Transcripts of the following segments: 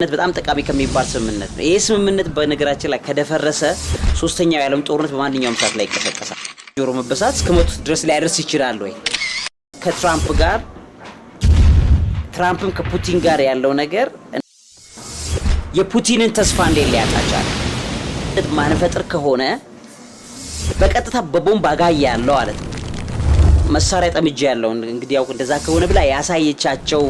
ስምምነት በጣም ጠቃሚ ከሚባል ስምምነት ነው። ይህ ስምምነት በነገራችን ላይ ከደፈረሰ ሶስተኛው የዓለም ጦርነት በማንኛውም ሰዓት ላይ ይቀሰቀሳል። ጆሮ መበሳት እስከ ሞት ድረስ ሊያደርስ ይችላል ወይ? ከትራምፕ ጋር ትራምፕም ከፑቲን ጋር ያለው ነገር የፑቲንን ተስፋ እንዴት ሊያጣጫል? ማንፈጥር ከሆነ በቀጥታ በቦምብ አጋይ ያለው ማለት ነው መሳሪያ ጠምጃ ያለው እንግዲህ ያው እንደዛ ከሆነ ብላ ያሳየቻቸው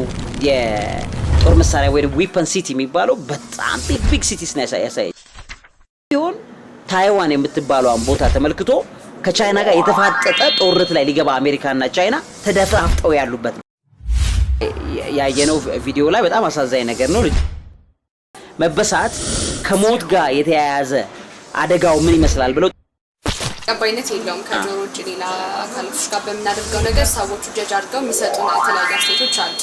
ጦር መሳሪያ ወይ ዊፐን ሲቲ የሚባለው በጣም ቢግ ቢግ ሲቲስ ነው ያሳየ ሲሆን ታይዋን የምትባለውን ቦታ ተመልክቶ ከቻይና ጋር የተፋጠጠ ጦርነት ላይ ሊገባ አሜሪካና ቻይና ተደፍራፍጠው ያሉበት ያየነው ቪዲዮ ላይ በጣም አሳዛኝ ነገር ነው። ልጅ መበሳት ከሞት ጋር የተያያዘ አደጋው ምን ይመስላል ብለው ተቀባይነት የለውም። ከጆሮ ውጭ ሌላ አካሎች ጋር በምናደርገው ነገር ሰዎቹ ጀጅ አድርገው የሚሰጡን የተለያዩ አስተያየቶች አሉ።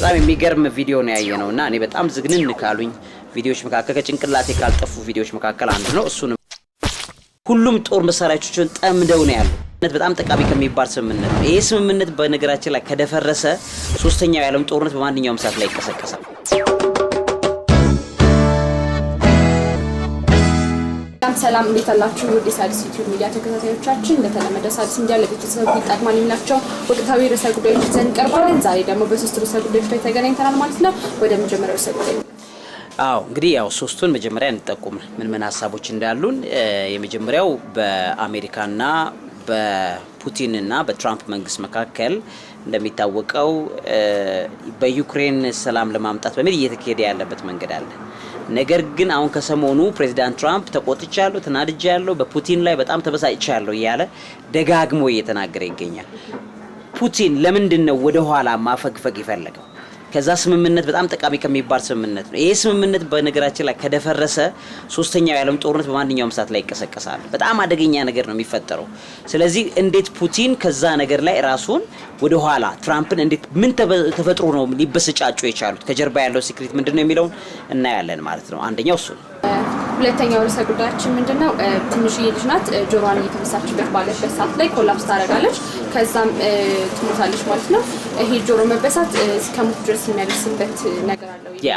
በጣም የሚገርም ቪዲዮ ነው ያየ ነው እና እኔ በጣም ዝግንን ካሉኝ ቪዲዮዎች መካከል ከጭንቅላቴ ካልጠፉ ቪዲዮዎች መካከል አንዱ ነው። እሱንም ሁሉም ጦር መሳሪያዎችን ጠምደው ነው ያሉ በጣም ጠቃሚ ከሚባል ስምምነት ነው። ይህ ስምምነት በነገራችን ላይ ከደፈረሰ ሶስተኛው የዓለም ጦርነት በማንኛውም ሰዓት ላይ ይቀሰቀሳል። ሰላም ሰላም፣ እንዴት አላችሁ? ውድ የሣድስ ዩቲዩብ ሚዲያ ተከታታዮቻችን፣ እንደተለመደ ሳድስ ሚዲያ ለቤተሰብ ይጠቅማል የሚላቸው ወቅታዊ ርዕሰ ጉዳዮች ይዘን ቀርበናል። ዛሬ ደግሞ በሶስት ርዕሰ ጉዳዮች ላይ ተገናኝተናል ማለት ነው። ወደ መጀመሪያው ርዕሰ ጉዳይ አዎ፣ እንግዲህ ያው ሶስቱን መጀመሪያ እንጠቁም ምን ምን ሀሳቦች እንዳሉን። የመጀመሪያው በአሜሪካና በፑቲንና በትራምፕ መንግስት መካከል እንደሚታወቀው በዩክሬን ሰላም ለማምጣት በሚል እየተካሄደ ያለበት መንገድ አለ ነገር ግን አሁን ከሰሞኑ ፕሬዚዳንት ትራምፕ ተቆጥቻለሁ፣ ተናድጃለሁ፣ በፑቲን ላይ በጣም ተበሳጭቻለሁ እያለ ደጋግሞ እየተናገረ ይገኛል። ፑቲን ለምንድን ነው ወደ ኋላ ማፈግፈግ የፈለገው? ከዛ ስምምነት በጣም ጠቃሚ ከሚባል ስምምነት ነው። ይህ ስምምነት በነገራችን ላይ ከደፈረሰ ሶስተኛው የዓለም ጦርነት በማንኛውም ሰዓት ላይ ይቀሰቀሳል። በጣም አደገኛ ነገር ነው የሚፈጠረው። ስለዚህ እንዴት ፑቲን ከዛ ነገር ላይ ራሱን ወደኋላ ትራምፕን እንዴት ምን ተፈጥሮ ነው ሊበሰጫጩ የቻሉት ከጀርባ ያለው ሲክሪት ምንድን ነው የሚለውን እናያለን ማለት ነው። አንደኛው እሱ ነው። ሁለተኛው ርዕሰ ጉዳያችን ምንድን ነው? ትንሽዬ ልጅ ናት። ጆሮዋን እየተመሳችበት ባለበት ሰዓት ላይ ኮላፕስ ታደርጋለች። ከዛም ትሞታለች ማለት ነው። ይሄ ጆሮ መበሳት እስከ ሞት ድረስ የሚያደርስበት ነገር አለው። ያ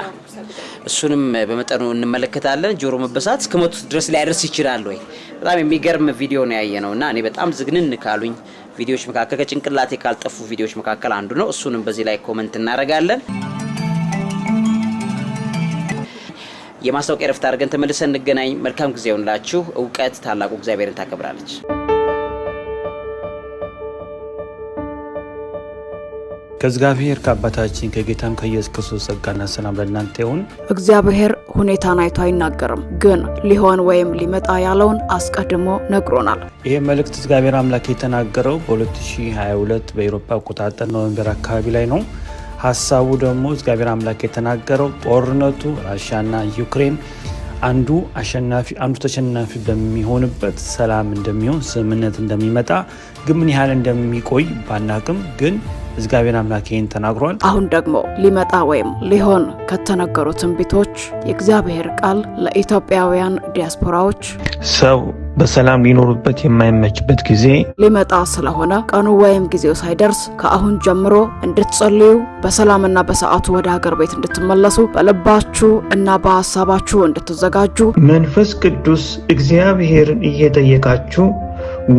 እሱንም በመጠኑ እንመለከታለን። ጆሮ መበሳት እስከ ሞት ድረስ ሊያደርስ ይችላል ወይ? በጣም የሚገርም ቪዲዮ ነው ያየ ነው እና እኔ በጣም ዝግንን ካሉኝ ቪዲዮዎች መካከል ከጭንቅላቴ ካልጠፉ ቪዲዮዎች መካከል አንዱ ነው። እሱንም በዚህ ላይ ኮመንት እናደርጋለን። የማስታወቂያ ረፍት አድርገን ተመልሰን እንገናኝ። መልካም ጊዜ ሆንላችሁ። እውቀት ታላቁ እግዚአብሔርን ታከብራለች። ከእግዚአብሔር ከአባታችን ከጌታም ከኢየሱስ ክርስቶስ ጸጋና ሰላም ለእናንተ ይሁን። እግዚአብሔር ሁኔታን አይቶ አይናገርም፣ ግን ሊሆን ወይም ሊመጣ ያለውን አስቀድሞ ነግሮናል። ይህ መልእክት እግዚአብሔር አምላክ የተናገረው በ2022 በኤሮፓ አቆጣጠር ኖቨምበር አካባቢ ላይ ነው። ሀሳቡ ደግሞ እግዚአብሔር አምላክ የተናገረው ጦርነቱ ራሽያና ዩክሬን አንዱ አሸናፊ አንዱ ተሸናፊ በሚሆንበት ሰላም እንደሚሆን ስምምነት እንደሚመጣ ግን ምን ያህል እንደሚቆይ ባናቅም ግን እግዚአብሔር አምላክ ይህን ተናግሯል። አሁን ደግሞ ሊመጣ ወይም ሊሆን ከተነገሩ ትንቢቶች የእግዚአብሔር ቃል ለኢትዮጵያውያን ዲያስፖራዎች ሰው በሰላም ሊኖሩበት የማይመችበት ጊዜ ሊመጣ ስለሆነ ቀኑ ወይም ጊዜው ሳይደርስ ከአሁን ጀምሮ እንድትጸልዩ በሰላምና በሰዓቱ ወደ ሀገር ቤት እንድትመለሱ በልባችሁ እና በሀሳባችሁ እንድትዘጋጁ መንፈስ ቅዱስ እግዚአብሔርን እየጠየቃችሁ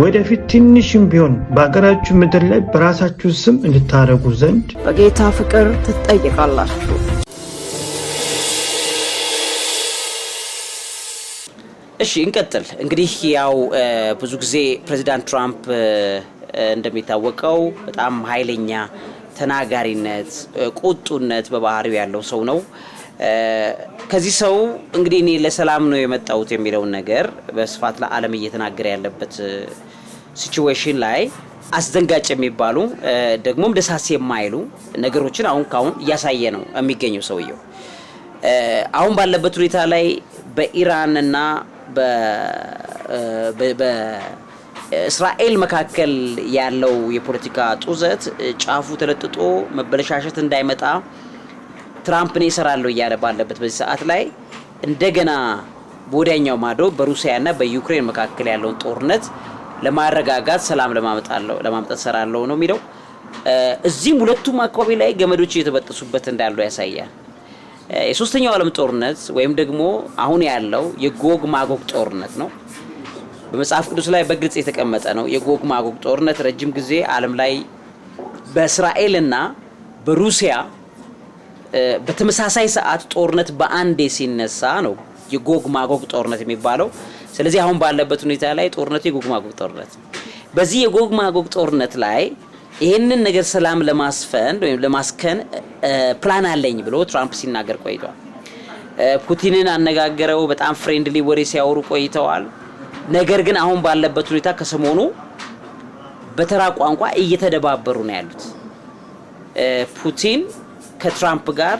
ወደፊት ትንሽም ቢሆን በሀገራችሁ ምድር ላይ በራሳችሁ ስም እንድታደርጉ ዘንድ በጌታ ፍቅር ትጠይቃላችሁ። እሺ እንቀጥል። እንግዲህ ያው ብዙ ጊዜ ፕሬዚዳንት ትራምፕ እንደሚታወቀው በጣም ኃይለኛ ተናጋሪነት፣ ቁጡነት በባህሪው ያለው ሰው ነው። ከዚህ ሰው እንግዲህ እኔ ለሰላም ነው የመጣሁት የሚለውን ነገር በስፋት ለዓለም እየተናገረ ያለበት ሲችዌሽን ላይ አስደንጋጭ የሚባሉ ደግሞም ደሳስ የማይሉ ነገሮችን አሁን ካሁን እያሳየ ነው የሚገኘው ሰውየው አሁን ባለበት ሁኔታ ላይ በኢራን እና በእስራኤል መካከል ያለው የፖለቲካ ጡዘት ጫፉ ተለጥጦ መበለሻሸት እንዳይመጣ ትራምፕ እኔ እሰራለሁ እያለ ባለበት በዚህ ሰዓት ላይ እንደገና በወዲያኛው ማዶ በሩሲያና በዩክሬን መካከል ያለውን ጦርነት ለማረጋጋት ሰላም ለማምጣት እሰራለሁ ነው የሚለው። እዚህም ሁለቱም አካባቢ ላይ ገመዶች እየተበጠሱበት እንዳሉ ያሳያል። የሶስተኛው ዓለም ጦርነት ወይም ደግሞ አሁን ያለው የጎግ ማጎግ ጦርነት ነው። በመጽሐፍ ቅዱስ ላይ በግልጽ የተቀመጠ ነው። የጎግ ማጎግ ጦርነት ረጅም ጊዜ ዓለም ላይ በእስራኤልና በሩሲያ በተመሳሳይ ሰዓት ጦርነት በአንዴ ሲነሳ ነው የጎግ ማጎግ ጦርነት የሚባለው። ስለዚህ አሁን ባለበት ሁኔታ ላይ ጦርነቱ የጎግ ማጎግ ጦርነት ነው። በዚህ የጎግ ማጎግ ጦርነት ላይ ይህንን ነገር ሰላም ለማስፈን ወይም ለማስከን ፕላን አለኝ ብሎ ትራምፕ ሲናገር ቆይተዋል። ፑቲንን አነጋገረው። በጣም ፍሬንድሊ ወሬ ሲያወሩ ቆይተዋል። ነገር ግን አሁን ባለበት ሁኔታ ከሰሞኑ በተራ ቋንቋ እየተደባበሩ ነው ያሉት። ፑቲን ከትራምፕ ጋር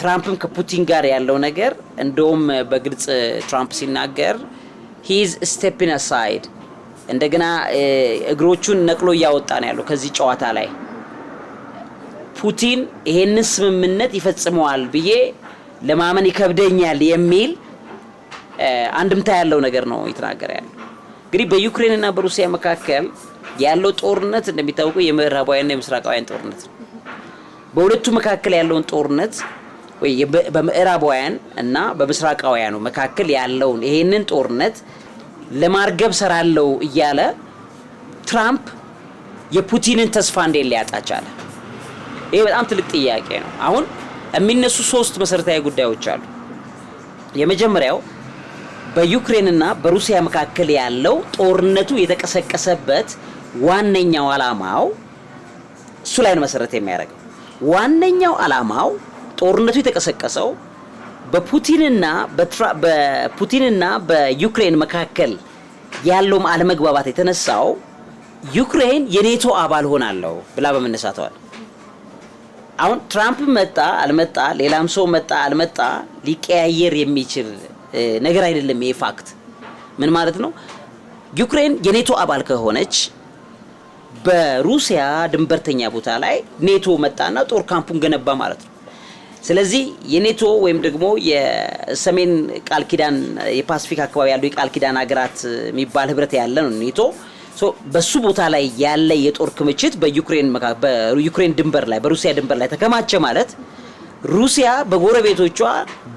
ትራምፕም ከፑቲን ጋር ያለው ነገር እንደውም በግልጽ ትራምፕ ሲናገር ሂዝ ስቴፒን አሳይድ እንደገና እግሮቹን ነቅሎ እያወጣ ነው ያለው ከዚህ ጨዋታ ላይ። ፑቲን ይሄንን ስምምነት ይፈጽመዋል ብዬ ለማመን ይከብደኛል የሚል አንድምታ ያለው ነገር ነው የተናገረ ያለው። እንግዲህ በዩክሬን እና በሩሲያ መካከል ያለው ጦርነት እንደሚታወቀው የምዕራባውያንና የምስራቃውያን ጦርነት ነው። በሁለቱ መካከል ያለውን ጦርነት ወይ በምዕራባውያን እና በምስራቃውያኑ መካከል ያለውን ይሄንን ጦርነት ለማርገብ ሰራለው እያለ ትራምፕ የፑቲንን ተስፋ እንዴት ሊያጣ ቻለ? ይሄ በጣም ትልቅ ጥያቄ ነው። አሁን የሚነሱ ሶስት መሰረታዊ ጉዳዮች አሉ። የመጀመሪያው በዩክሬንና በሩሲያ መካከል ያለው ጦርነቱ የተቀሰቀሰበት ዋነኛው አላማው እሱ ላይ ነው መሰረት የሚያደርገው ዋነኛው ዓላማው ጦርነቱ የተቀሰቀሰው በፑቲንና በፑቲንና በዩክሬን መካከል ያለውም አለመግባባት የተነሳው ዩክሬን የኔቶ አባል ሆናለሁ ብላ በመነሳተዋል። አሁን ትራምፕ መጣ አልመጣ፣ ሌላም ሰው መጣ አልመጣ ሊቀያየር የሚችል ነገር አይደለም። ይሄ ፋክት ምን ማለት ነው? ዩክሬን የኔቶ አባል ከሆነች በሩሲያ ድንበርተኛ ቦታ ላይ ኔቶ መጣና ጦር ካምፑን ገነባ ማለት ነው። ስለዚህ የኔቶ ወይም ደግሞ የሰሜን ቃል ኪዳን የፓስፊክ አካባቢ ያሉ የቃል ኪዳን ሀገራት የሚባል ህብረት ያለ ነው ኔቶ። በሱ ቦታ ላይ ያለ የጦር ክምችት በዩክሬን ድንበር ላይ በሩሲያ ድንበር ላይ ተከማቸ ማለት ሩሲያ በጎረቤቶቿ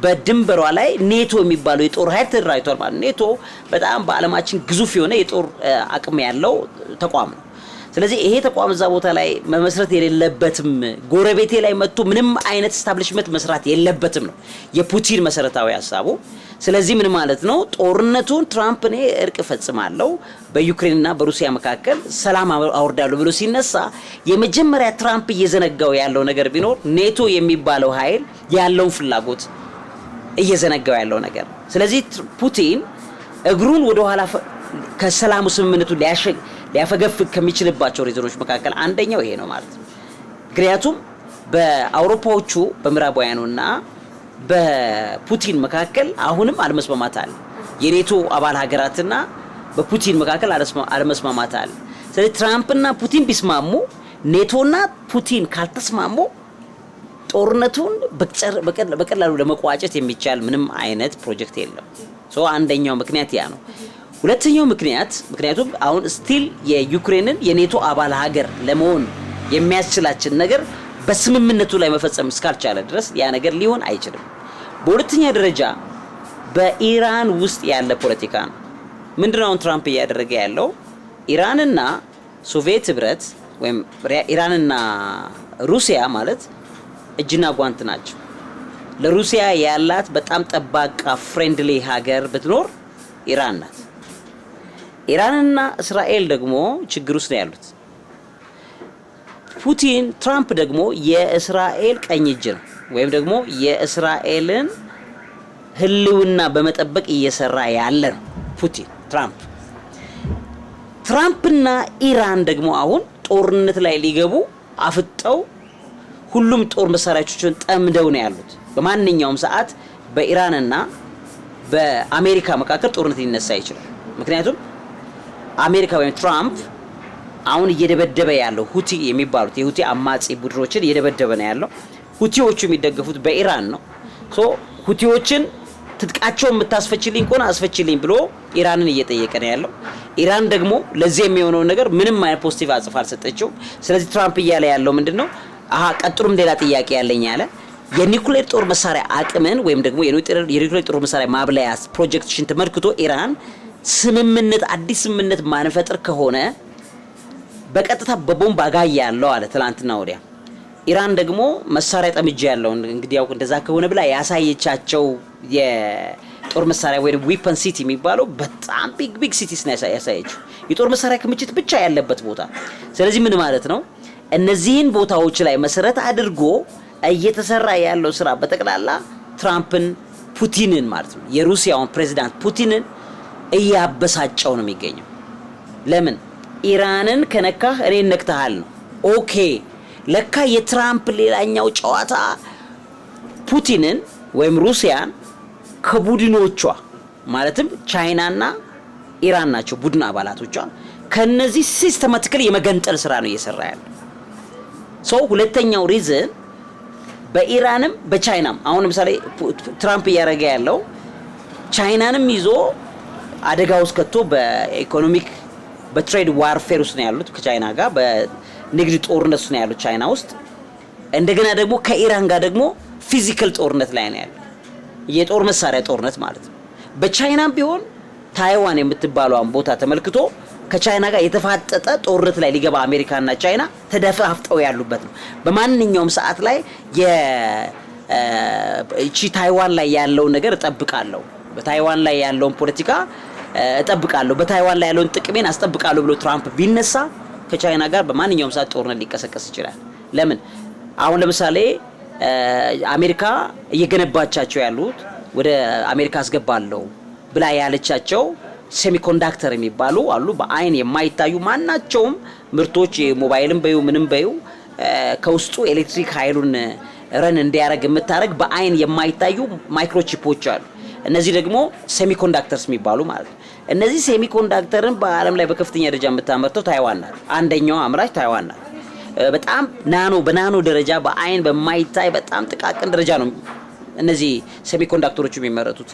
በድንበሯ ላይ ኔቶ የሚባለው የጦር ኃይል ተደራጅቷል ማለት። ኔቶ በጣም በዓለማችን ግዙፍ የሆነ የጦር አቅም ያለው ተቋም ነው። ስለዚህ ይሄ ተቋም እዛ ቦታ ላይ መመስረት የሌለበትም ጎረቤቴ ላይ መጥቶ ምንም አይነት ስታብሊሽመንት መስራት የለበትም ነው የፑቲን መሰረታዊ ሀሳቡ። ስለዚህ ምን ማለት ነው? ጦርነቱን ትራምፕ እኔ እርቅ እፈጽማለሁ በዩክሬንና በሩሲያ መካከል ሰላም አወርዳለሁ ብሎ ሲነሳ የመጀመሪያ ትራምፕ እየዘነጋው ያለው ነገር ቢኖር ኔቶ የሚባለው ኃይል ያለውን ፍላጎት እየዘነጋው ያለው ነገር። ስለዚህ ፑቲን እግሩን ወደኋላ ከሰላሙ ስምምነቱ ሊያፈገፍግ ከሚችልባቸው ሪዝኖች መካከል አንደኛው ይሄ ነው ማለት ነው። ምክንያቱም በአውሮፓዎቹ በምዕራባውያኑና በፑቲን መካከል አሁንም አለመስማማት አለ። የኔቶ አባል ሀገራትና በፑቲን መካከል አለመስማማት አለ። ስለዚህ ትራምፕና ፑቲን ቢስማሙ፣ ኔቶና ፑቲን ካልተስማሙ ጦርነቱን በቀላሉ ለመቋጨት የሚቻል ምንም አይነት ፕሮጀክት የለም። አንደኛው ምክንያት ያ ነው። ሁለተኛው ምክንያት ምክንያቱም አሁን ስቲል የዩክሬንን የኔቶ አባል ሀገር ለመሆን የሚያስችላችን ነገር በስምምነቱ ላይ መፈጸም እስካልቻለ ድረስ ያ ነገር ሊሆን አይችልም። በሁለተኛ ደረጃ በኢራን ውስጥ ያለ ፖለቲካ ነው። ምንድነው አሁን ትራምፕ እያደረገ ያለው? ኢራንና ሶቪየት ህብረት ወይም ኢራንና ሩሲያ ማለት እጅና ጓንት ናቸው። ለሩሲያ ያላት በጣም ጠባቃ ፍሬንድሊ ሀገር ብትኖር ኢራን ናት። ኢራንና እስራኤል ደግሞ ችግር ውስጥ ነው ያሉት። ፑቲን ትራምፕ ደግሞ የእስራኤል ቀኝ እጅ ነው ወይም ደግሞ የእስራኤልን ህልውና በመጠበቅ እየሰራ ያለ ነው ፑቲን ትራምፕ። ትራምፕና ኢራን ደግሞ አሁን ጦርነት ላይ ሊገቡ አፍጠው ሁሉም ጦር መሳሪያዎችን ጠምደው ነው ያሉት። በማንኛውም ሰዓት በኢራንና በአሜሪካ መካከል ጦርነት ሊነሳ ይችላል። ምክንያቱም አሜሪካ ወይም ትራምፕ አሁን እየደበደበ ያለው ሁቲ የሚባሉት የሁቲ አማጺ ቡድኖችን እየደበደበ ነው ያለው። ሁቲዎቹ የሚደገፉት በኢራን ነው። ሶ ሁቲዎችን ትጥቃቸውን የምታስፈችልኝ ከሆነ አስፈችልኝ ብሎ ኢራንን እየጠየቀ ነው ያለው። ኢራን ደግሞ ለዚህ የሚሆነውን ነገር ምንም አይነት ፖዚቲቭ አጽፋ አልሰጠችውም። ስለዚህ ትራምፕ እያለ ያለው ምንድን ነው? አሀ ቀጥሉም ሌላ ጥያቄ ያለኝ ያለ የኒኩሌር ጦር መሳሪያ አቅምን ወይም ደግሞ የኒኩሌር ጦር መሳሪያ ማብላያ ፕሮጀክትሽን ተመልክቶ ኢራን ስምምነት አዲስ ስምምነት ማንፈጥር ከሆነ በቀጥታ በቦምብ አጋያ ያለው አለ። ትላንትና ወዲያ ኢራን ደግሞ መሳሪያ ጠምጃ ያለው እንግዲህ ያው እንደዛ ከሆነ ብላ ያሳየቻቸው የጦር መሳሪያ ወይ ዊፐን ሲቲ የሚባለው በጣም ቢግ ቢግ ሲቲስ ነው ያሳየችው፣ የጦር መሳሪያ ክምችት ብቻ ያለበት ቦታ። ስለዚህ ምን ማለት ነው? እነዚህን ቦታዎች ላይ መሰረት አድርጎ እየተሰራ ያለው ስራ በጠቅላላ ትራምፕን፣ ፑቲንን ማለት ነው የሩሲያውን ፕሬዚዳንት ፑቲንን እያበሳጨው ነው የሚገኘው። ለምን ኢራንን ከነካህ እኔን ነክተሃል ነው። ኦኬ ለካ የትራምፕ ሌላኛው ጨዋታ ፑቲንን ወይም ሩሲያን ከቡድኖቿ ማለትም ቻይናና ኢራን ናቸው ቡድን አባላቶቿ ከነዚህ ሲስተማቲካሊ የመገንጠል ስራ ነው እየሰራ ያለው ሰው። ሁለተኛው ሪዝን በኢራንም በቻይናም አሁን ለምሳሌ ትራምፕ እያደረገ ያለው ቻይናንም ይዞ አደጋ ውስጥ ከቶ በኢኮኖሚክ በትሬድ ዋርፌር ውስጥ ነው ያሉት ከቻይና ጋር በንግድ ጦርነት ውስጥ ነው ያሉት ቻይና ውስጥ። እንደገና ደግሞ ከኢራን ጋር ደግሞ ፊዚካል ጦርነት ላይ ነው ያለው፣ የጦር መሳሪያ ጦርነት ማለት ነው። በቻይናም ቢሆን ታይዋን የምትባለውን ቦታ ተመልክቶ ከቻይና ጋር የተፋጠጠ ጦርነት ላይ ሊገባ አሜሪካና ቻይና ተደፋፍጠው ያሉበት ነው። በማንኛውም ሰዓት ላይ እቺ ታይዋን ላይ ያለውን ነገር እጠብቃለሁ። በታይዋን ላይ ያለውን ፖለቲካ እጠብቃለሁ፣ በታይዋን ላይ ያለውን ጥቅሜን አስጠብቃለሁ ብሎ ትራምፕ ቢነሳ ከቻይና ጋር በማንኛውም ሰዓት ጦርነት ሊቀሰቀስ ይችላል። ለምን አሁን ለምሳሌ አሜሪካ እየገነባቻቸው ያሉት ወደ አሜሪካ አስገባለሁ ብላ ያለቻቸው ሴሚኮንዳክተር የሚባሉ አሉ። በአይን የማይታዩ ማናቸውም ምርቶች ሞባይልም በዩ ምንም በዩ ከውስጡ ኤሌክትሪክ ኃይሉን ረን እንዲያደርግ የምታደርግ በአይን የማይታዩ ማይክሮቺፖች አሉ። እነዚህ ደግሞ ሴሚኮንዳክተርስ የሚባሉ ማለት ነው። እነዚህ ሴሚኮንዳክተርን በዓለም ላይ በከፍተኛ ደረጃ የምታመርተው ታይዋን ናት። አንደኛው አምራች ታይዋን ናት። በጣም ናኖ በናኖ ደረጃ በአይን በማይታይ በጣም ጥቃቅን ደረጃ ነው እነዚህ ሴሚኮንዳክተሮች የሚመረቱት።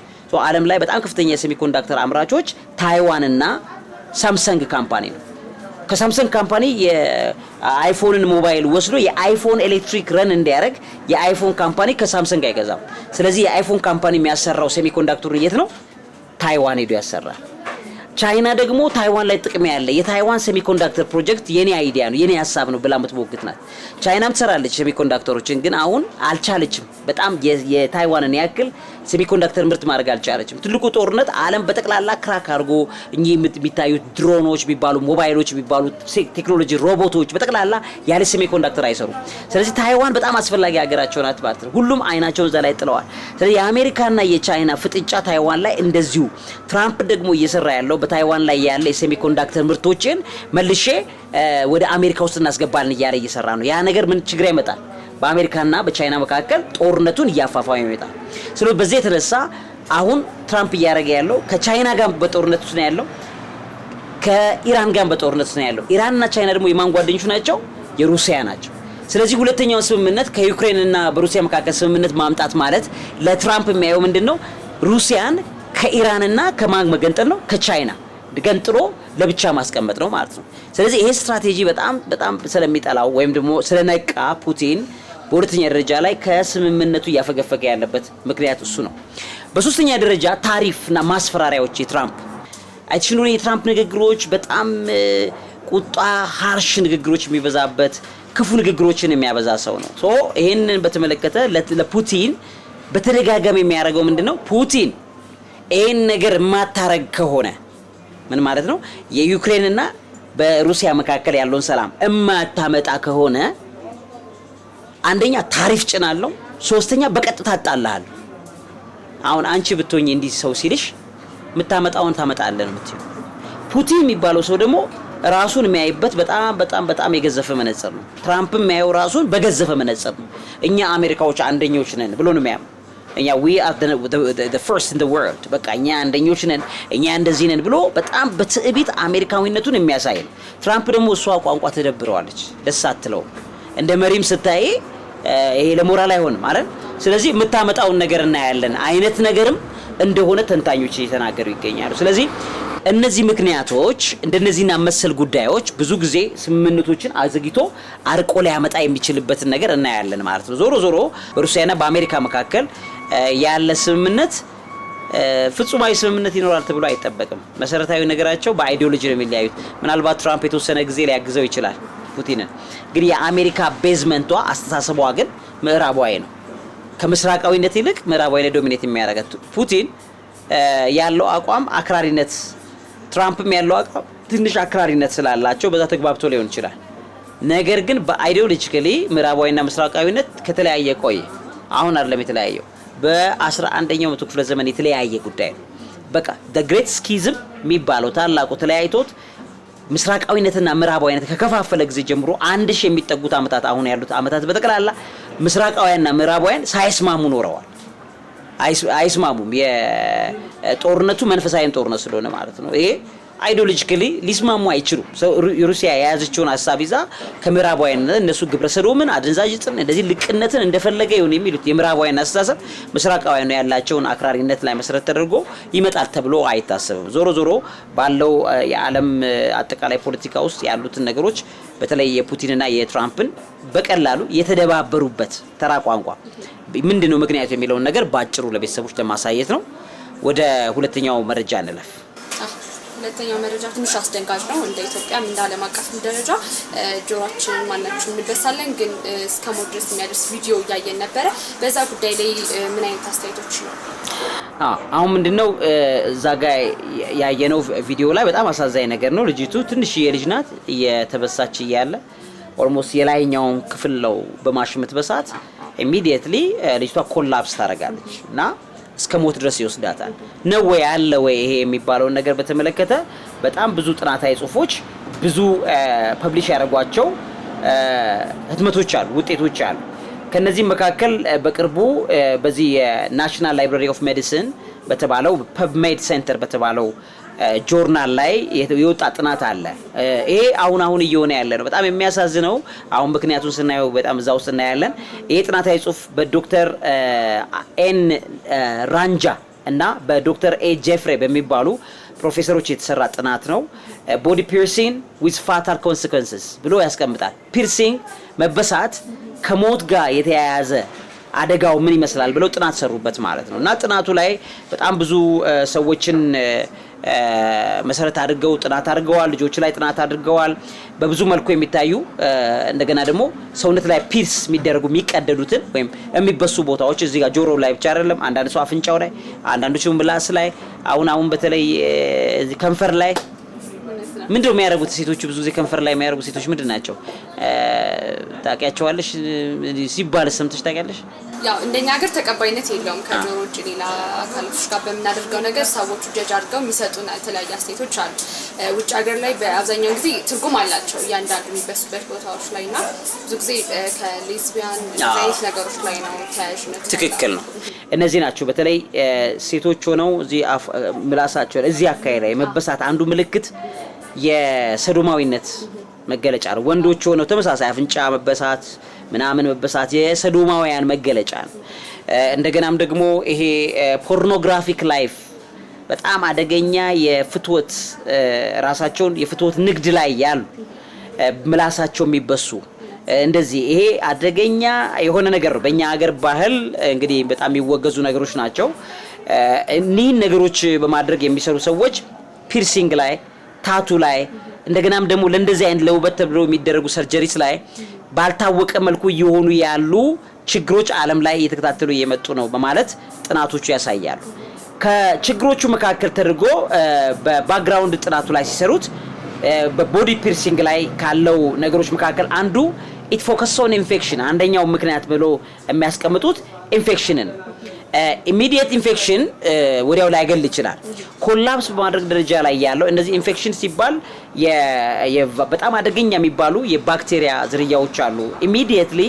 ዓለም ላይ በጣም ከፍተኛ የሴሚኮንዳክተር አምራቾች ታይዋንና ሳምሰንግ ካምፓኒ ነው። ከሳምሰንግ ካምፓኒ የአይፎንን ሞባይል ወስዶ የአይፎን ኤሌክትሪክ ረን እንዲያደርግ የአይፎን ካምፓኒ ከሳምሰንግ አይገዛም። ስለዚህ የአይፎን ካምፓኒ የሚያሰራው ሴሚኮንዳክተር የት ነው? ታይዋን ሄዶ ያሰራል። ቻይና ደግሞ ታይዋን ላይ ጥቅም ያለ የታይዋን ሴሚኮንዳክተር ፕሮጀክት የኔ አይዲያ ነው የኔ ሀሳብ ነው ብላ ምትሞግት ናት። ቻይናም ትሰራለች ሴሚኮንዳክተሮችን፣ ግን አሁን አልቻለችም። በጣም የታይዋንን ያክል ሴሚኮንዳክተር ምርት ማድረግ አልቻለችም። ትልቁ ጦርነት ዓለም በጠቅላላ ክራክ አድርጎ እኚህ የሚታዩት ድሮኖች የሚባሉ ሞባይሎች የሚባሉ ቴክኖሎጂ ሮቦቶች በጠቅላላ ያለ ሴሚኮንዳክተር አይሰሩም። ስለዚህ ታይዋን በጣም አስፈላጊ ሀገራቸው ናት ማለት ነው። ሁሉም አይናቸውን እዛ ላይ ጥለዋል። ስለዚህ የአሜሪካና የቻይና ፍጥጫ ታይዋን ላይ እንደዚሁ፣ ትራምፕ ደግሞ እየሰራ ያለው በታይዋን ላይ ያለ የሴሚኮንዳክተር ምርቶችን መልሼ ወደ አሜሪካ ውስጥ እናስገባልን እያለ እየሰራ ነው። ያ ነገር ምን ችግር ያመጣል? በአሜሪካና በቻይና መካከል ጦርነቱን እያፋፋመ ይመጣል። ስለዚህ በዚህ የተነሳ አሁን ትራምፕ እያደረገ ያለው ከቻይና ጋር በጦርነት ውስጥ ነው ያለው፣ ከኢራን ጋር በጦርነት ውስጥ ነው ያለው። ኢራንና ቻይና ደግሞ የማን ናቸው? የሩሲያ ናቸው። ስለዚህ ሁለተኛውን ስምምነት ከዩክሬንና በሩሲያ መካከል ስምምነት ማምጣት ማለት ለትራምፕ የሚያየው ምንድን ነው? ሩሲያን ከኢራንና ከማን መገንጠል ነው? ከቻይና ገንጥሎ ለብቻ ማስቀመጥ ነው ማለት ነው። ስለዚህ ይሄ ስትራቴጂ በጣም በጣም ስለሚጠላው ወይም ደግሞ ስለነቃ ፑቲን በሁለተኛ ደረጃ ላይ ከስምምነቱ እያፈገፈገ ያለበት ምክንያት እሱ ነው። በሶስተኛ ደረጃ ታሪፍና ማስፈራሪያዎች የትራምፕ አይተሽን ሆነ የትራምፕ ንግግሮች በጣም ቁጣ፣ ሀርሽ ንግግሮች የሚበዛበት ክፉ ንግግሮችን የሚያበዛ ሰው ነው። ሶ በተመለከተ ለፑቲን በተደጋጋሚ የሚያደርገው ምንድን ነው? ፑቲን ይህን ነገር የማታረግ ከሆነ ምን ማለት ነው? የዩክሬንና በሩሲያ መካከል ያለውን ሰላም እማታመጣ ከሆነ አንደኛ ታሪፍ ጭናለው፣ ሶስተኛ በቀጥታ አጣልሃለሁ። አሁን አንቺ ብትሆኝ እንዲህ ሰው ሲልሽ የምታመጣውን ታመጣለን የምትይው። ፑቲን የሚባለው ሰው ደግሞ ራሱን የሚያይበት በጣም በጣም በጣም የገዘፈ መነጽር ነው። ትራምፕም የሚያየው ራሱን በገዘፈ መነጽር ነው። እኛ አሜሪካዎች አንደኞች ነን ብሎ ነው የሚያም እኛ ዊ አር ፈርስት ኢን ዘ ወርልድ በቃ እኛ አንደኞች ነን፣ እኛ እንደዚህ ነን ብሎ በጣም በትዕቢት አሜሪካዊነቱን የሚያሳይ ነው። ትራምፕ ደግሞ እሷ ቋንቋ ተደብረዋለች፣ ደስ አትለውም። እንደ መሪም ስታይ ይሄ ለሞራል አይሆንም አይደል? ስለዚህ የምታመጣውን ነገር እናያለን አይነት ነገርም እንደሆነ ተንታኞች እየተናገሩ ይገኛሉ። ስለዚህ እነዚህ ምክንያቶች እንደነዚህና መሰል ጉዳዮች ብዙ ጊዜ ስምምነቶችን አዘግይቶ አርቆ ሊያመጣ የሚችልበትን ነገር እናያለን ማለት ነው። ዞሮ ዞሮ በሩሲያና በአሜሪካ መካከል ያለ ስምምነት ፍጹማዊ ስምምነት ይኖራል ተብሎ አይጠበቅም። መሰረታዊ ነገራቸው በአይዲዮሎጂ ነው የሚለያዩት። ምናልባት ትራምፕ የተወሰነ ጊዜ ሊያግዘው ይችላል። ፑቲንን። ግን የአሜሪካ ቤዝመንቷ አስተሳሰቧ ግን ምዕራባዊ ነው። ከምስራቃዊነት ይልቅ ምዕራባዊ ላይ ዶሚኔት የሚያደርጋት ፑቲን ያለው አቋም አክራሪነት፣ ትራምፕም ያለው አቋም ትንሽ አክራሪነት ስላላቸው በዛ ተግባብቶ ሊሆን ይችላል። ነገር ግን በአይዲዮሎጂካሊ ምዕራባዊና ምስራቃዊነት ከተለያየ ቆየ። አሁን አይደለም የተለያየው፣ በ11ኛው መቶ ክፍለ ዘመን የተለያየ ጉዳይ ነው። በቃ ደ ግሬት ስኪዝም የሚባለው ታላቁ ተለያይቶት ምስራቃዊነትና ምዕራባዊነት ከከፋፈለ ጊዜ ጀምሮ አንድ ሺህ የሚጠጉት ዓመታት አሁን ያሉት ዓመታት በጠቅላላ ምስራቃውያንና ምዕራባውያን ሳይስማሙ ኖረዋል። አይስማሙም። የጦርነቱ መንፈሳዊም ጦርነት ስለሆነ ማለት ነው ይሄ አይዲዮሎጂካሊ ሊስማሙ አይችሉም። ሩሲያ የያዘችውን ሀሳብ ይዛ ከምዕራባውያን እነሱ ግብረሰዶምን፣ አደንዛዥ ዕፅን፣ እንደዚህ ልቅነትን እንደፈለገ ይሁን የሚሉት የምዕራባውያን አስተሳሰብ ምስራቃውያኑ ያላቸውን አክራሪነት ላይ መሰረት ተደርጎ ይመጣል ተብሎ አይታሰብም። ዞሮ ዞሮ ባለው የዓለም አጠቃላይ ፖለቲካ ውስጥ ያሉትን ነገሮች በተለይ የፑቲንና የትራምፕን በቀላሉ የተደባበሩበት ተራ ቋንቋ ምንድን ነው ምክንያቱ የሚለውን ነገር በአጭሩ ለቤተሰቦች ለማሳየት ነው። ወደ ሁለተኛው መረጃ እንለፍ። ሁለተኛው መረጃ ትንሽ አስደንጋጭ ነው። እንደ ኢትዮጵያም እንደ ዓለም አቀፍ ደረጃ ጆሯችንን ማናችን እንበሳለን፣ ግን እስከ ሞት ድረስ የሚያደርስ ቪዲዮ እያየን ነበረ። በዛ ጉዳይ ላይ ምን አይነት አስተያየቶች ነው? አሁን ምንድን ነው እዛ ጋ ያየነው ቪዲዮ ላይ በጣም አሳዛኝ ነገር ነው። ልጅቱ ትንሽ የልጅ ናት እየተበሳች እያለ ኦልሞስት የላይኛውን ክፍል ነው በማሽምት በሰዓት ኢሚዲየትሊ ልጅቷ ኮላፕስ ታደርጋለች እና እስከ ሞት ድረስ ይወስዳታል። ነው ወይ አለ ወይ ይሄ የሚባለውን ነገር በተመለከተ በጣም ብዙ ጥናታዊ ጽሁፎች፣ ብዙ ፐብሊሽ ያደረጓቸው ህትመቶች አሉ፣ ውጤቶች አሉ። ከነዚህም መካከል በቅርቡ በዚህ የናሽናል ላይብራሪ ኦፍ ሜዲሲን በተባለው ፐብሜድ ሴንተር በተባለው ጆርናል ላይ የወጣ ጥናት አለ። ይሄ አሁን አሁን እየሆነ ያለ ነው። በጣም የሚያሳዝነው አሁን ምክንያቱን ስናየው በጣም እዛ ውስጥ እናያለን። ይሄ ጥናታዊ ጽሁፍ በዶክተር ኤን ራንጃ እና በዶክተር ኤ ጄፍሬ በሚባሉ ፕሮፌሰሮች የተሰራ ጥናት ነው። ቦዲ ፒርሲንግ ዊዝ ፋታል ኮንሲኮንስስ ብሎ ያስቀምጣል። ፒርሲንግ መበሳት ከሞት ጋር የተያያዘ አደጋው ምን ይመስላል ብለው ጥናት ሰሩበት ማለት ነው እና ጥናቱ ላይ በጣም ብዙ ሰዎችን መሰረት አድርገው ጥናት አድርገዋል። ልጆች ላይ ጥናት አድርገዋል። በብዙ መልኩ የሚታዩ እንደገና ደግሞ ሰውነት ላይ ፒርስ የሚደረጉ የሚቀደዱትን ወይም የሚበሱ ቦታዎች እዚህ ጋር ጆሮ ላይ ብቻ አይደለም። አንዳንድ ሰው አፍንጫው ላይ፣ አንዳንዶቹ ምላስ ላይ፣ አሁን አሁን በተለይ ከንፈር ላይ ምንድነው የሚያረጉት ሴቶቹ? ብዙ ጊዜ ከንፈር ላይ የሚያረጉት ሴቶች ምንድን ናቸው? ታውቂያቸዋለሽ? ሲባል ሰምተሽ ታውቂያለሽ? ያው እንደኛ ሀገር ተቀባይነት የለውም። ከጆሮ ውጭ ሌላ አካላቶች ጋር በምናደርገው ነገር ሰዎቹ ጀጅ አድርገው የሚሰጡ የተለያዩ አስተያየቶች አሉ። ውጭ ሀገር ላይ በአብዛኛው ጊዜ ትርጉም አላቸው እያንዳንዱ የሚበሱበት ቦታዎች ላይ እና ብዙ ጊዜ ከሌስቢያን ዘይት ነገሮች ላይ ነው ተያያዥነት። ትክክል ነው። እነዚህ ናቸው በተለይ ሴቶች ሆነው እዚህ ምላሳቸው እዚህ አካባቢ ላይ መበሳት አንዱ ምልክት የሰዶማዊነት መገለጫ ነው። ወንዶች ሆነው ተመሳሳይ አፍንጫ መበሳት ምናምን መበሳት የሰዶማውያን መገለጫ ነው። እንደገናም ደግሞ ይሄ ፖርኖግራፊክ ላይፍ በጣም አደገኛ የፍትወት ራሳቸውን የፍትወት ንግድ ላይ ያሉ ምላሳቸው የሚበሱ እንደዚህ ይሄ አደገኛ የሆነ ነገር በእኛ ሀገር ባህል እንግዲህ በጣም የሚወገዙ ነገሮች ናቸው። እኒህን ነገሮች በማድረግ የሚሰሩ ሰዎች ፒርሲንግ ላይ ታቱ ላይ እንደገናም ደግሞ ለእንደዚህ አይነት ለውበት ተብሎ የሚደረጉ ሰርጀሪስ ላይ ባልታወቀ መልኩ እየሆኑ ያሉ ችግሮች ዓለም ላይ እየተከታተሉ እየመጡ ነው በማለት ጥናቶቹ ያሳያሉ። ከችግሮቹ መካከል ተደርጎ በባክግራውንድ ጥናቱ ላይ ሲሰሩት በቦዲ ፒርሲንግ ላይ ካለው ነገሮች መካከል አንዱ ኢት ፎከስ ኦን ኢንፌክሽን አንደኛው ምክንያት ብሎ የሚያስቀምጡት ኢንፌክሽንን ኢሚዲየት uh, ኢንፌክሽን uh, ወዲያው ላይገል ይችላል። ኮላፕስ በማድረግ ደረጃ ላይ ያለው እነዚህ ኢንፌክሽን ሲባል በጣም አደገኛ የሚባሉ የባክቴሪያ ዝርያዎች አሉ። ኢሚዲየትሊ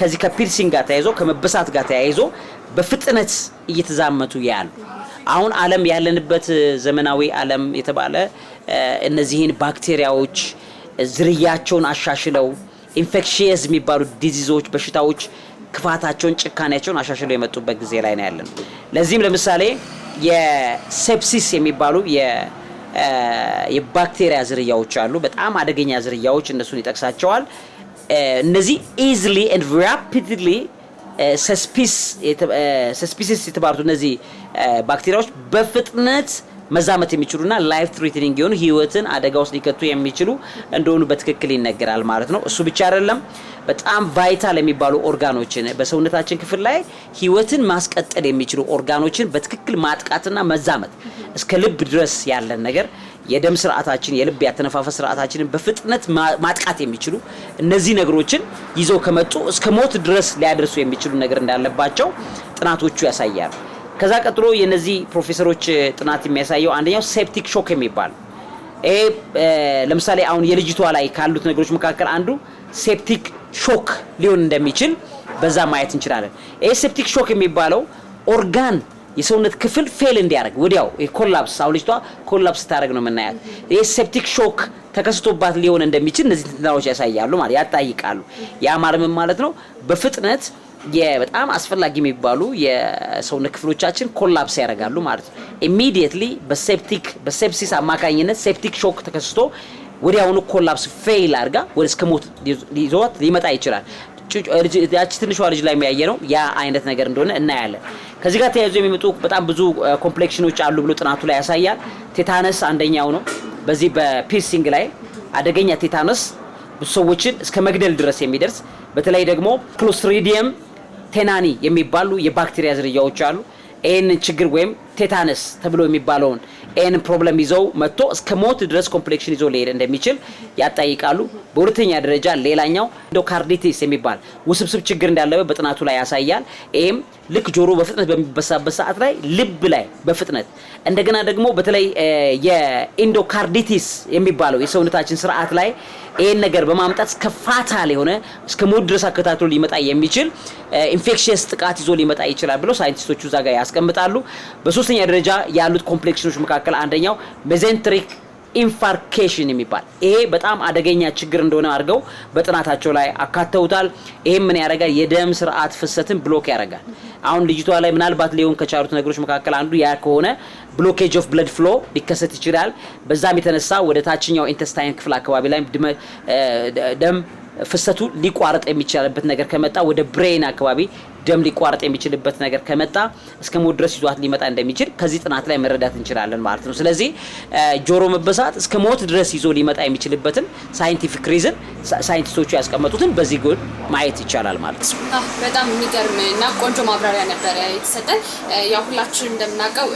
ከዚህ ከፒርሲንግ ጋር ተያይዞ ከመበሳት ጋር ተያይዞ በፍጥነት እየተዛመቱ ያሉ አሁን ዓለም ያለንበት ዘመናዊ ዓለም የተባለ uh, እነዚህን ባክቴሪያዎች ዝርያቸውን አሻሽለው ኢንፌክሽየስ የሚባሉ ዲዚዞች በሽታዎች ክፋታቸውን፣ ጭካኔያቸውን አሻሽለው የመጡበት ጊዜ ላይ ነው ያለን። ለዚህም ለምሳሌ የሴፕሲስ የሚባሉ የባክቴሪያ ዝርያዎች አሉ። በጣም አደገኛ ዝርያዎች እነሱን ይጠቅሳቸዋል። እነዚህ ኢዝሊ ኤንድ ራፒድሊ ሰስፒስ ሰስፒሲስ የተባሉት እነዚህ ባክቴሪያዎች በፍጥነት መዛመት የሚችሉና ላይፍ ትሪትኒንግ የሆኑ ህይወትን አደጋ ውስጥ ሊከቱ የሚችሉ እንደሆኑ በትክክል ይነገራል ማለት ነው። እሱ ብቻ አይደለም፣ በጣም ቫይታል የሚባሉ ኦርጋኖችን በሰውነታችን ክፍል ላይ ህይወትን ማስቀጠል የሚችሉ ኦርጋኖችን በትክክል ማጥቃትና መዛመት እስከ ልብ ድረስ ያለን ነገር የደም ስርዓታችን የልብ ያተነፋፈስ ስርዓታችንን በፍጥነት ማጥቃት የሚችሉ እነዚህ ነገሮችን ይዘው ከመጡ እስከ ሞት ድረስ ሊያደርሱ የሚችሉ ነገር እንዳለባቸው ጥናቶቹ ያሳያሉ። ከዛ ቀጥሎ የነዚህ ፕሮፌሰሮች ጥናት የሚያሳየው አንደኛው ሴፕቲክ ሾክ የሚባል ይሄ ለምሳሌ አሁን የልጅቷ ላይ ካሉት ነገሮች መካከል አንዱ ሴፕቲክ ሾክ ሊሆን እንደሚችል በዛ ማየት እንችላለን። ይሄ ሴፕቲክ ሾክ የሚባለው ኦርጋን የሰውነት ክፍል ፌል እንዲያደርግ ወዲያው ኮላፕስ፣ አሁን ልጅቷ ኮላፕስ ስታደርግ ነው የምናያት። ይሄ ሴፕቲክ ሾክ ተከስቶባት ሊሆን እንደሚችል እነዚህ ትንተናዎች ያሳያሉ ማለት ያጣይቃሉ። ያ ማለት ማለት ነው? በፍጥነት በጣም አስፈላጊ የሚባሉ የሰውነት ክፍሎቻችን ኮላፕስ ያደርጋሉ ማለት ነው። ኢሚዲየትሊ በሴፕቲክ በሴፕሲስ አማካኝነት ሴፕቲክ ሾክ ተከስቶ ወዲያውኑ ኮላፕስ ፌይል አድርጋ ወደ እስከ ሞት ሊዘዋት ሊመጣ ይችላል። ያቺ ትንሿ ልጅ ላይ የሚያየ ነው ያ አይነት ነገር እንደሆነ እናያለን። ከዚህ ጋር ተያይዞ የሚመጡ በጣም ብዙ ኮምፕሌክሽኖች አሉ ብሎ ጥናቱ ላይ ያሳያል። ቴታነስ አንደኛው ነው። በዚህ በፒርሲንግ ላይ አደገኛ ቴታነስ ብዙ ሰዎችን እስከ መግደል ድረስ የሚደርስ በተለይ ደግሞ ክሎስትሪዲየም ቴናኒ የሚባሉ የባክቴሪያ ዝርያዎች አሉ። ይህንን ችግር ወይም ቴታነስ ተብሎ የሚባለውን ይህን ፕሮብለም ይዘው መጥቶ እስከ ሞት ድረስ ኮምፕሌክሽን ይዞ ሊሄድ እንደሚችል ያጠይቃሉ። በሁለተኛ ደረጃ ሌላኛው ኢንዶካርዲቲስ የሚባል ውስብስብ ችግር እንዳለበት በጥናቱ ላይ ያሳያል። ይህም ልክ ጆሮ በፍጥነት በሚበሳበት ሰዓት ላይ ልብ ላይ በፍጥነት እንደገና ደግሞ በተለይ የኢንዶካርዲቲስ የሚባለው የሰውነታችን ስርዓት ላይ ይህን ነገር በማምጣት እስከ ፋታል የሆነ እስከ ሞት ድረስ አከታትሎ ሊመጣ የሚችል ኢንፌክሽስ ጥቃት ይዞ ሊመጣ ይችላል ብለው ሳይንቲስቶቹ እዛ ጋር ያስቀምጣሉ። በሶስተኛ ደረጃ ያሉት ኮምፕሌክሽኖች መካከል መካከል አንደኛው ሜሴንትሪክ ኢንፋርኬሽን የሚባል ይሄ በጣም አደገኛ ችግር እንደሆነ አድርገው በጥናታቸው ላይ አካተውታል። ይሄም ምን ያደርጋል? የደም ስርዓት ፍሰትን ብሎክ ያደርጋል። አሁን ልጅቷ ላይ ምናልባት ሊሆን ከቻሉት ነገሮች መካከል አንዱ ያ ከሆነ ብሎኬጅ ኦፍ ብለድ ፍሎ ሊከሰት ይችላል። በዛም የተነሳ ወደ ታችኛው ኢንተስታይን ክፍል አካባቢ ላይ ደም ፍሰቱ ሊቋረጥ የሚቻልበት ነገር ከመጣ ወደ ብሬን አካባቢ ደም ሊቋረጥ የሚችልበት ነገር ከመጣ እስከ ሞት ድረስ ይዟት ሊመጣ እንደሚችል ከዚህ ጥናት ላይ መረዳት እንችላለን ማለት ነው። ስለዚህ ጆሮ መበሳት እስከ ሞት ድረስ ይዞ ሊመጣ የሚችልበትን ሳይንቲፊክ ሪዝን ሳይንቲስቶቹ ያስቀመጡትን በዚህ ጎን ማየት ይቻላል ማለት ነው። በጣም የሚገርም እና ቆንጆ ማብራሪያ ነበረ የተሰጠ ያው ሁላችን እንደምናውቀው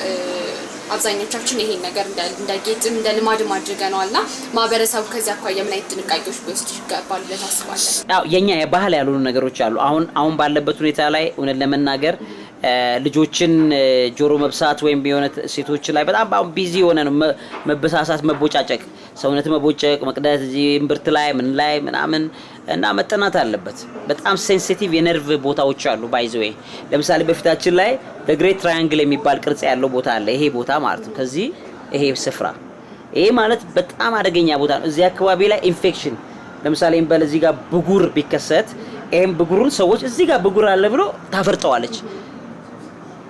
አብዛኞቻችን ይሄን ነገር እንደ ጌጥም እንደ ልማድ ማድርገነዋል እና ማህበረሰቡ ከዚህ አኳያ ምን አይነት ጥንቃቄዎች ሊወስድ ይገባል ብለን ታስባለን? የእኛ የባህል ያልሆኑ ነገሮች አሉ። አሁን አሁን ባለበት ሁኔታ ላይ እውነት ለመናገር ልጆችን ጆሮ መብሳት ወይም የሆነ ሴቶች ላይ በጣም በጣም ቢዚ የሆነ ነው። መበሳሳት፣ መቦጫጨቅ፣ ሰውነት መቦጨቅ፣ መቅደት እዚህ እምብርት ላይ ምን ላይ ምናምን እና መጠናት አለበት። በጣም ሴንሲቲቭ የነርቭ ቦታዎች አሉ። ባይዘወይ ለምሳሌ በፊታችን ላይ በግሬት ትራያንግል የሚባል ቅርጽ ያለው ቦታ አለ። ይሄ ቦታ ማለት ነው። ከዚህ ይሄ ስፍራ ይሄ ማለት በጣም አደገኛ ቦታ ነው። እዚህ አካባቢ ላይ ኢንፌክሽን ለምሳሌ እንበል እዚህ ጋር ብጉር ቢከሰት ይህም ብጉሩን ሰዎች እዚህ ጋር ብጉር አለ ብሎ ታፈርጠዋለች።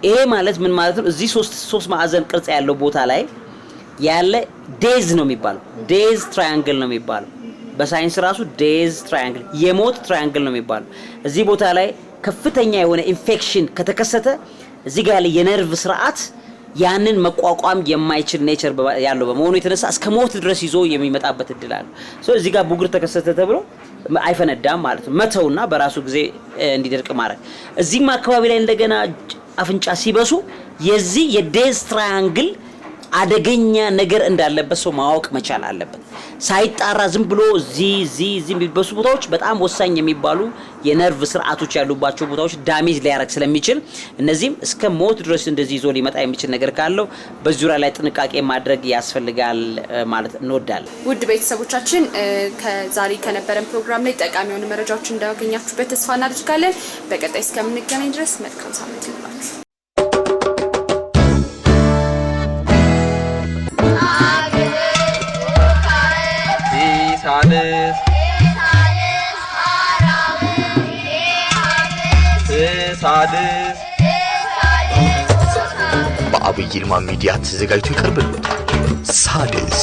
ይሄ ማለት ምን ማለት ነው? እዚህ ሶስት ሶስት ማዕዘን ቅርጽ ያለው ቦታ ላይ ያለ ዴዝ ነው የሚባለው። ዴዝ ትራያንግል ነው የሚባለው። በሳይንስ ራሱ ዴዝ ትራያንግል፣ የሞት ትራያንግል ነው የሚባለው። እዚህ ቦታ ላይ ከፍተኛ የሆነ ኢንፌክሽን ከተከሰተ እዚህ ጋር ያለ የነርቭ ስርዓት ያንን መቋቋም የማይችል ኔቸር ያለው በመሆኑ የተነሳ እስከ ሞት ድረስ ይዞ የሚመጣበት እድል አለ። እዚህ ጋር ቡግር ተከሰተ ተብሎ አይፈነዳም ማለት ነው። መተውና በራሱ ጊዜ እንዲደርቅ ማድረግ። እዚህም አካባቢ ላይ እንደገና አፍንጫ ሲበሱ የዚህ የዴዝ ትራያንግል አደገኛ ነገር እንዳለበት ሰው ማወቅ መቻል አለበት። ሳይጣራ ዝም ብሎ ዚ ዚ ዚ የሚበሱ ቦታዎች በጣም ወሳኝ የሚባሉ የነርቭ ስርዓቶች ያሉባቸው ቦታዎች ዳሜጅ ሊያደርግ ስለሚችል እነዚህም እስከ ሞት ድረስ እንደዚህ ይዞ ሊመጣ የሚችል ነገር ካለው በዙሪያ ላይ ጥንቃቄ ማድረግ ያስፈልጋል ማለት እንወዳለን። ውድ ቤተሰቦቻችን ከዛሬ ከነበረን ፕሮግራም ላይ ጠቃሚ የሆኑ መረጃዎች እንዳገኛችሁበት ተስፋ እናደርጋለን። በቀጣይ እስከምንገናኝ ድረስ መልካም ሳምንት ይሁንላችሁ። ሳልስ ሳልስ በአብይ ይልማ ሚዲያ ተዘጋጅቶ ይቀርብልዎታል። ሳድስ